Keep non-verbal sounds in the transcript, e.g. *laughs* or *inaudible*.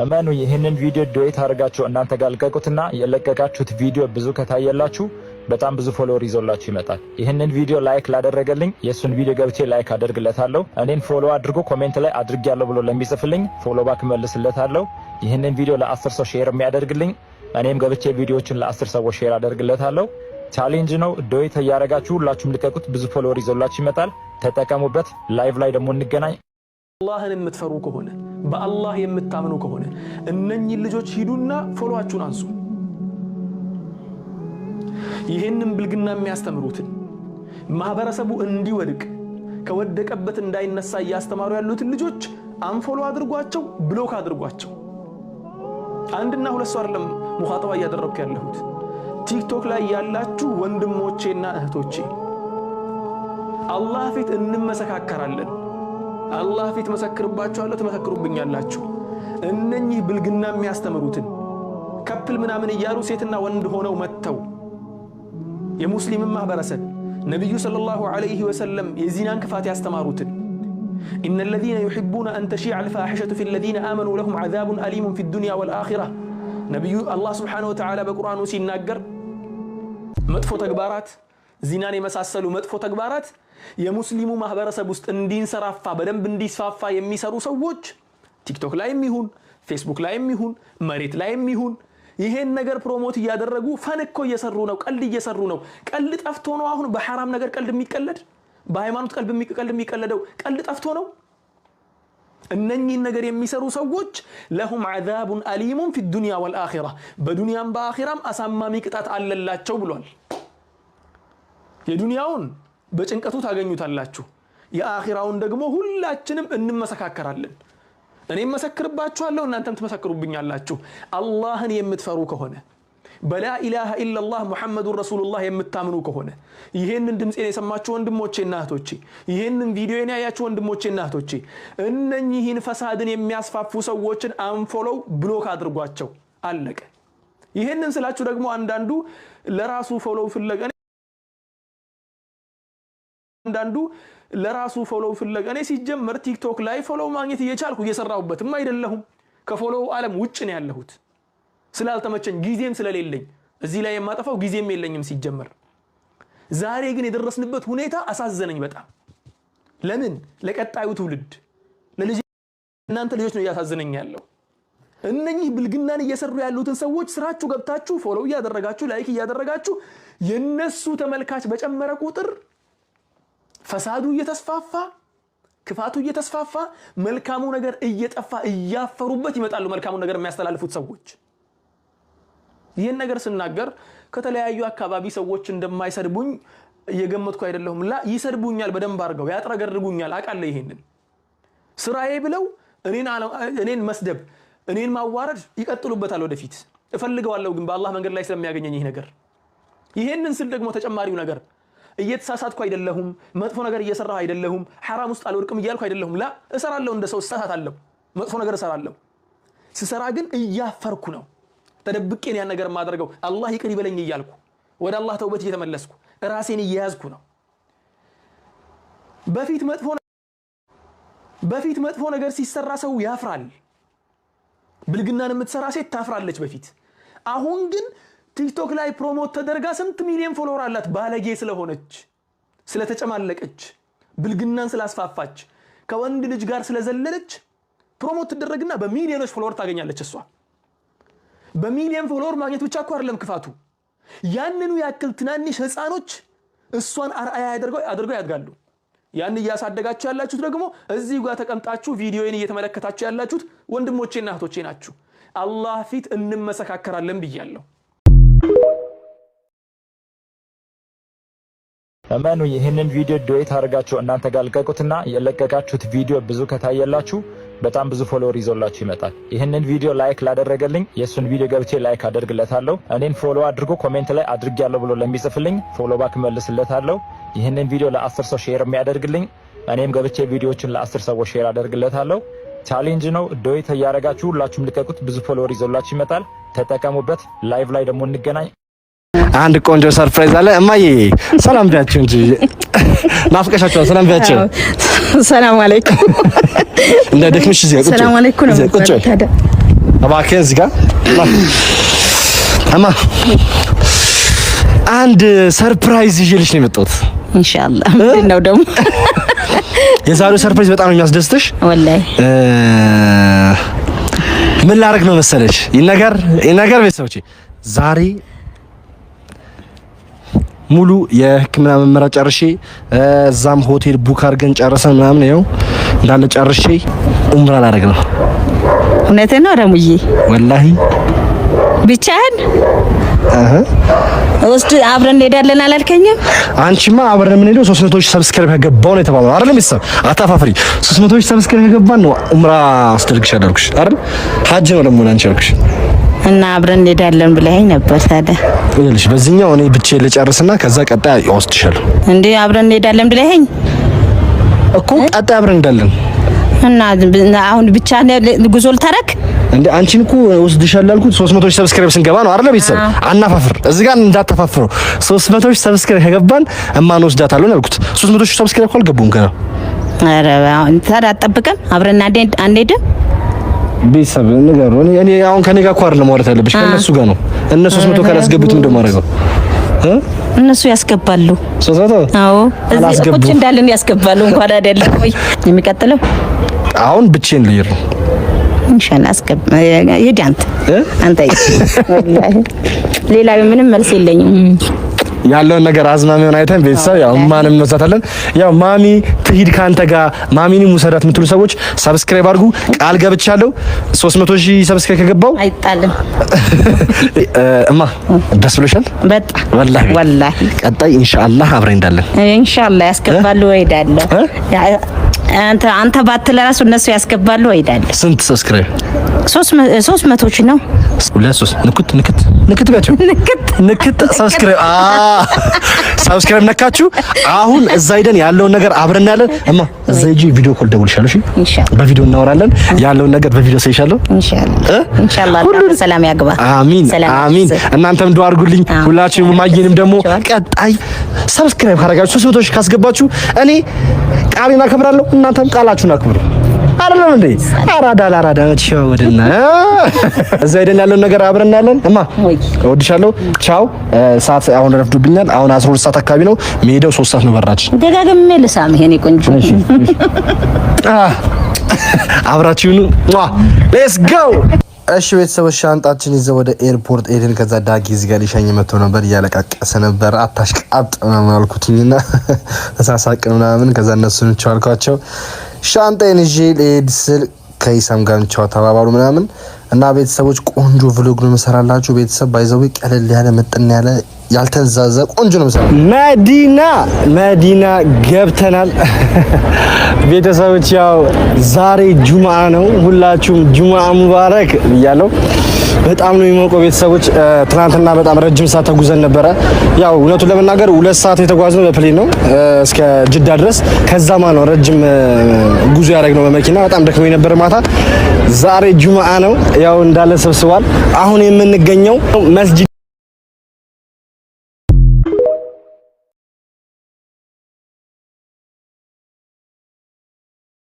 እመኑ ይህንን ቪዲዮ ዶዌት አድርጋችሁ እናንተ ጋር ልቀቁትና የለቀቃችሁት ቪዲዮ ብዙ ከታየላችሁ በጣም ብዙ ፎሎወር ይዞላችሁ ይመጣል። ይህንን ቪዲዮ ላይክ ላደረገልኝ የእሱን ቪዲዮ ገብቼ ላይክ አደርግለታለሁ። እኔን ፎሎ አድርጎ ኮሜንት ላይ አድርጌያለሁ ብሎ ለሚጽፍልኝ ፎሎ ባክ መልስለታለሁ። ይህንን ቪዲዮ ለአስር ሰው ሼር የሚያደርግልኝ እኔም ገብቼ ቪዲዮዎችን ለአስር ሰዎች ሼር አደርግለታለሁ። ቻሌንጅ ነው። ዶይት እያደረጋችሁ ሁላችሁም ልቀቁት። ብዙ ፎሎወር ይዞላችሁ ይመጣል። ተጠቀሙበት። ላይቭ ላይ ደግሞ እንገናኝ። አላህን የምትፈሩ ከሆነ በአላህ የምታምኑ ከሆነ እነኚህ ልጆች ሂዱና ፎሎዋችሁን አንሱ። ይህንም ብልግና የሚያስተምሩትን ማህበረሰቡ እንዲወድቅ ከወደቀበት እንዳይነሳ እያስተማሩ ያሉትን ልጆች አንፎሎ አድርጓቸው፣ ብሎክ አድርጓቸው። አንድና ሁለት ሰው አይደለም ሙኻጠባ እያደረግኩ ያለሁት ቲክቶክ ላይ ያላችሁ ወንድሞቼና እህቶቼ አላህ ፊት እንመሰካከራለን። አላህ ፊት መሰክርባችኋለሁ፣ ትመሰክሩብኛላችሁ። እነኚህ ብልግና የሚያስተምሩትን ከፕል ምናምን እያሉ ሴትና ወንድ ሆነው መጥተው የሙስሊምን ማህበረሰብ ነቢዩ ሰለላሁ ዐለይሂ ወሰለም የዚናን ክፋት ያስተማሩትን ኢነ ለዚነ ዩሒቡነ አን ተሺዕ አልፋሒሸቱ ፊ ለዚነ አመኑ ለሁም ዐዛቡን አሊሙን ፊ ዱንያ ወልአኺራ ነቢዩ አላህ ስብሓነሁ ወተዓላ በቁርአኑ ሲናገር መጥፎ ተግባራት ዚናን የመሳሰሉ መጥፎ ተግባራት የሙስሊሙ ማህበረሰብ ውስጥ እንዲንሰራፋ በደንብ እንዲስፋፋ የሚሰሩ ሰዎች ቲክቶክ ላይም ይሁን ፌስቡክ ላይም ይሁን መሬት ላይም ይሁን ይሄን ነገር ፕሮሞት እያደረጉ ፈን እኮ እየሰሩ ነው። ቀልድ እየሰሩ ነው። ቀልድ ጠፍቶ ነው አሁን በሐራም ነገር ቀልድ የሚቀለድ በሃይማኖት ቀልድ የሚቀለደው ቀልድ ጠፍቶ ነው። እነኚህን ነገር የሚሰሩ ሰዎች ለሁም ዐዛቡን አሊሙን ፊ ዱንያ ወልአኺራ፣ በዱንያም በአኺራም አሳማሚ ቅጣት አለላቸው ብሏል። የዱንያውን በጭንቀቱ ታገኙታላችሁ። የአኺራውን ደግሞ ሁላችንም እንመሰካከራለን። እኔ መሰክርባችኋለሁ፣ እናንተም ትመሰክሩብኛላችሁ። አላህን የምትፈሩ ከሆነ በላ ኢላሃ ኢላላህ ሙሐመዱን ረሱሉላህ የምታምኑ ከሆነ ይህንን ድምፄን የሰማችሁ ወንድሞቼና እህቶቼ፣ ይህንን ቪዲዮን ያያችሁ ወንድሞቼና እህቶቼ፣ እነኚህን ፈሳድን የሚያስፋፉ ሰዎችን አንፎሎው ብሎክ አድርጓቸው። አለቀ። ይህንን ስላችሁ ደግሞ አንዳንዱ ለራሱ ፎሎው ፍለገ አንዳንዱ ለራሱ ፎሎው ፍለጋ እኔ ሲጀመር ቲክቶክ ላይ ፎሎው ማግኘት እየቻልኩ እየሰራሁበትም አይደለሁም። ከፎሎው ዓለም ውጭ ነው ያለሁት ስላልተመቸኝ ጊዜም ስለሌለኝ እዚህ ላይ የማጠፋው ጊዜም የለኝም ሲጀመር። ዛሬ ግን የደረስንበት ሁኔታ አሳዘነኝ በጣም ለምን ለቀጣዩ ትውልድ ለልጅ እናንተ ልጆች ነው እያሳዘነኝ ያለው። እነኚህ ብልግናን እየሰሩ ያሉትን ሰዎች ስራችሁ ገብታችሁ ፎሎው እያደረጋችሁ ላይክ እያደረጋችሁ የነሱ ተመልካች በጨመረ ቁጥር ፈሳዱ እየተስፋፋ ክፋቱ እየተስፋፋ መልካሙ ነገር እየጠፋ እያፈሩበት ይመጣሉ። መልካሙ ነገር የሚያስተላልፉት ሰዎች ይህን ነገር ስናገር ከተለያዩ አካባቢ ሰዎች እንደማይሰድቡኝ እየገመትኩ አይደለሁም። ላ ይሰድቡኛል፣ በደንብ አድርገው ያጥረገድጉኛል። አውቃለሁ። ይሄንን ስራዬ ብለው እኔን መስደብ፣ እኔን ማዋረድ ይቀጥሉበታል። ወደፊት እፈልገዋለሁ፣ ግን በአላህ መንገድ ላይ ስለሚያገኘኝ ይህ ነገር ይሄንን ስል ደግሞ ተጨማሪው ነገር እየተሳሳትኩ አይደለሁም፣ መጥፎ ነገር እየሰራሁ አይደለሁም፣ ሐራም ውስጥ አልወድቅም እያልኩ አይደለሁም። ላ እሰራለሁ፣ እንደ ሰው እሳሳታለሁ፣ መጥፎ ነገር እሰራለሁ። ስሰራ ግን እያፈርኩ ነው፣ ተደብቄን ያን ነገር የማደርገው አላህ ይቅር ይበለኝ እያልኩ ወደ አላህ ተውበት እየተመለስኩ ራሴን እየያዝኩ ነው። በፊት መጥፎ ነገር ሲሰራ ሰው ያፍራል። ብልግናን የምትሰራ ሴት ታፍራለች በፊት አሁን ግን ቲክቶክ ላይ ፕሮሞት ተደርጋ ስንት ሚሊዮን ፎሎወር አላት። ባለጌ ስለሆነች፣ ስለተጨማለቀች፣ ብልግናን ስላስፋፋች፣ ከወንድ ልጅ ጋር ስለዘለለች ፕሮሞት ትደረግና በሚሊዮኖች ፎሎወር ታገኛለች። እሷ በሚሊዮን ፎሎወር ማግኘት ብቻ እኮ አይደለም ክፋቱ። ያንኑ ያክል ትናንሽ ህፃኖች እሷን አርአያ አድርገው ያድጋሉ። ያን እያሳደጋችሁ ያላችሁት ደግሞ እዚህ ጋር ተቀምጣችሁ ቪዲዮን እየተመለከታችሁ ያላችሁት ወንድሞቼና እህቶቼ ናችሁ። አላህ ፊት እንመሰካከራለን ብያለሁ። እመኑ ይህንን ቪዲዮ ዶዌት አድርጋችሁ እናንተ ጋር ልቀቁትና የለቀቃችሁት ቪዲዮ ብዙ ከታየላችሁ በጣም ብዙ ፎሎወር ይዞላችሁ ይመጣል። ይህንን ቪዲዮ ላይክ ላደረገልኝ የእሱን ቪዲዮ ገብቼ ላይክ አደርግለታለሁ። እኔን ፎሎ አድርጎ ኮሜንት ላይ አድርጌያለሁ ብሎ ለሚጽፍልኝ ፎሎ ባክ መልስለታለሁ። ይህንን ቪዲዮ ለአስር ሰው ሼር የሚያደርግልኝ እኔም ገብቼ ቪዲዮዎችን ለአስር ሰዎች ሼር አደርግለታለሁ። ቻሌንጅ ነው። ዶዌት እያደረጋችሁ ሁላችሁም ልቀቁት። ብዙ ፎሎወር ይዞላችሁ ይመጣል። ተጠቀሙበት። ላይቭ ላይ ደግሞ እንገናኝ። አንድ ቆንጆ ሰርፕራይዝ አለ። እማዬ ሰላም ቢያችሁ እንጂ ናፍቀሻቸው። ሰላም ቢያችሁ። ሰላም አለይኩም። እንደ ደክምሽ እዚህ ቁጭ ሰላም አለይኩም ነው። ቁጭ እባክህ እዚህ ጋር እማ፣ አንድ ሰርፕራይዝ ይዤልሽ ነው የመጣሁት። ኢንሻአላህ ምንድን ነው ደግሞ የዛሬው ሰርፕራይዝ በጣም የሚያስደስትሽ። ወላሂ ምን ላደርግ ነው መሰለሽ? ይነገር ይነገር ቤተሰቦቼ ዛሬ ሙሉ የህክምና መመሪያ ጨርሼ እዛም ሆቴል ቡክ አድርገን ጨርሰን ምናምን ይኸው እንዳለ ጨርሼ ኡምራ ላደርግ ነው። እውነትህን ነው ረሙዬ፣ ወላሂ ብቻህን ውስጥ አብረን እንሄዳለን አላልከኝም? አንቺማ አብረን የምንሄደው 300 ሺህ ሰብስክራይብ ከገባው ነው የተባለው አይደል? ቤተሰብ አታፋፍሪ። 300 ሺህ ሰብስክራይብ ከገባን ነው ኡምራ አስደርግሽ አላልኩሽ አይደል? ሀጅ ነው ደግሞ ላንቺ ያልኩሽ። እና አብረን እንሄዳለን ብለኸኝ ነበር። ታዲያ ይኸውልሽ በዚህኛው እኔ ብቻ ልጨርስና ከዛ ቀጣይ እወስድሻለሁ። እንዴ አብረን እንሄዳለን ብለኸኝ እኮ ቀጣይ አብረን እንዳለን እና አሁን ብቻ ጉዞ ልታረግ እንዴ? አንቺን እኮ እወስድሻለሁ ያልኩት 300 ሺህ ሰብስክራይብ ስንገባ ነው አይደል? ቤተሰብ አናፋፍር፣ እዚህ ጋር እንዳታፋፍሩ። 300 ሺህ ሰብስክራይብ ከገባን እማን ወስዳታለሁ ያልኩት 300 ሺህ ሰብስክራይብ ካልገቡም ገና ኧረ ታዲያ አትጠብቀን አብረን አንሄድም ቤተሰብ ንገሩ። እኔ አሁን ከኔ ጋር ኳር ለማውራት ያለብሽ ከነሱ ጋር ነው። እነሱ ሶስት መቶ ካላስገቡት ምንድን ነው? እነሱ ያስገባሉ። ሶስት መቶ አዎ፣ እዚህ ቁጭ እንዳልን ያስገባሉ። እንኳን አይደለም ወይ *laughs* የሚቀጥለው አሁን ብቼን ልይር ነው ኢንሻአላህ አስገብ የዳንት አንተ ሌላ ምንም መልስ የለኝም። ያለውን ነገር አዝማሚውን አይተን ቤተሰብ ያው ማን እንመሳታለን። ያው ማሚ ትሂድ ካንተ ጋር ማሚኒ ሙሰዳት የምትሉ ሰዎች ሰብስክራይብ አድርጉ። ቃል ገብቻለሁ 300 ሺህ ሰብስክራይብ ከገባው አይጣልም። *laughs* እማ ደስ ብሎሻል? በጣም ወላሂ ወላሂ። ቀጣይ ኢንሻአላህ አብረን እንዳለን ኢንሻአላህ ያስገባሉ ወይዳለሁ። አንተ አንተ ባትለራሱ እነሱ ያስገባሉ ወይዳለሁ። ስንት ሰብስክራይብ ሶስት መቶ ሺህ ነው። ሁለት ሶስት ንክት ንክት ንክት ቢያቸው ንክት ንክት ሰብስክራይብ አ ሰብስክራይብ ነካችሁ። አሁን እዛ ሄደን ያለውን ነገር አብረን ያለን እማ እዛ ሂጂ ቪዲዮ ኮል ደውልሻለሁ። እሺ በቪዲዮ እናወራለን። ያለውን ነገር በቪዲዮ ሰይሻለሁ። ኢንሻአላህ ኢንሻአላህ ሰላም ያግባ። አሚን አሚን። እናንተም ዱአ አድርጉልኝ ሁላችሁም። ማየንም ደግሞ ቀጣይ ሰብስክራይብ ካረጋችሁ ሶስት መቶ ሺህ ካስገባችሁ እኔ ቃሌን አከብራለሁ። እናንተም ቃላችሁን አክብሩ። አይደለም እንዴ? አራዳ ለአራዳ ቻው። ወደና *laughs* እዛ ሄደን ያለውን ነገር አብረን እናያለን። እማ እወድሻለሁ። ቻው። ሰዓት አሁን ረፍዶብኛል። አሁን 12 ሰዓት አካባቢ ነው የሚሄደው። 3 ሰዓት ነው በራች። ደጋግሜ ልሳም ይሄኔ ቆንጆ *laughs* አብራችሁኑ ሌትስ ጎ እሺ ቤተሰቦች ሻንጣችን ይዘው ወደ ኤርፖርት ኤድን። ከዛ ዳጊ እዚህ ጋር ሊሸኝ መጥቶ ነበር፣ እያለቃቀሰ ነበር። አታሽቃብጥ ምናምን አልኩትኝና *laughs* ተሳሳቅን ምናምን። ከዛ እነሱን ቻልኳቸው። ሻንጣዬን ይዤ ልሄድ ስል ከሂሳም ጋር እንቻው ተባባሉ ምናምን እና ቤተሰቦች፣ ቆንጆ ቭሎግ ነው መሰራላችሁ። ቤተሰብ ባይዘው ቀለል ያለ መጠን ያለ ያልተዛዘ ቆንጆ ነው መሰራ። መዲና መዲና ገብተናል *laughs* ቤተሰቦች። ያው ዛሬ ጁማአ ነው። ሁላችሁም ጁማአ ሙባረክ ብያለሁ። በጣም ነው የሚሞቀው። ቤተሰቦች ትናንትና በጣም ረጅም ሰዓት ተጉዘን ነበረ። ያው እውነቱን ለመናገር ሁለት ሰዓት የተጓዝነው በፕሌን ነው እስከ ጅዳ ድረስ። ከዛማ ነው ረጅም ጉዞ ያደረግነው በመኪና በጣም ደክሞ የነበረ ማታ። ዛሬ ጁምአ ነው ያው እንዳለ ሰብስቧል። አሁን የምንገኘው መስጂድ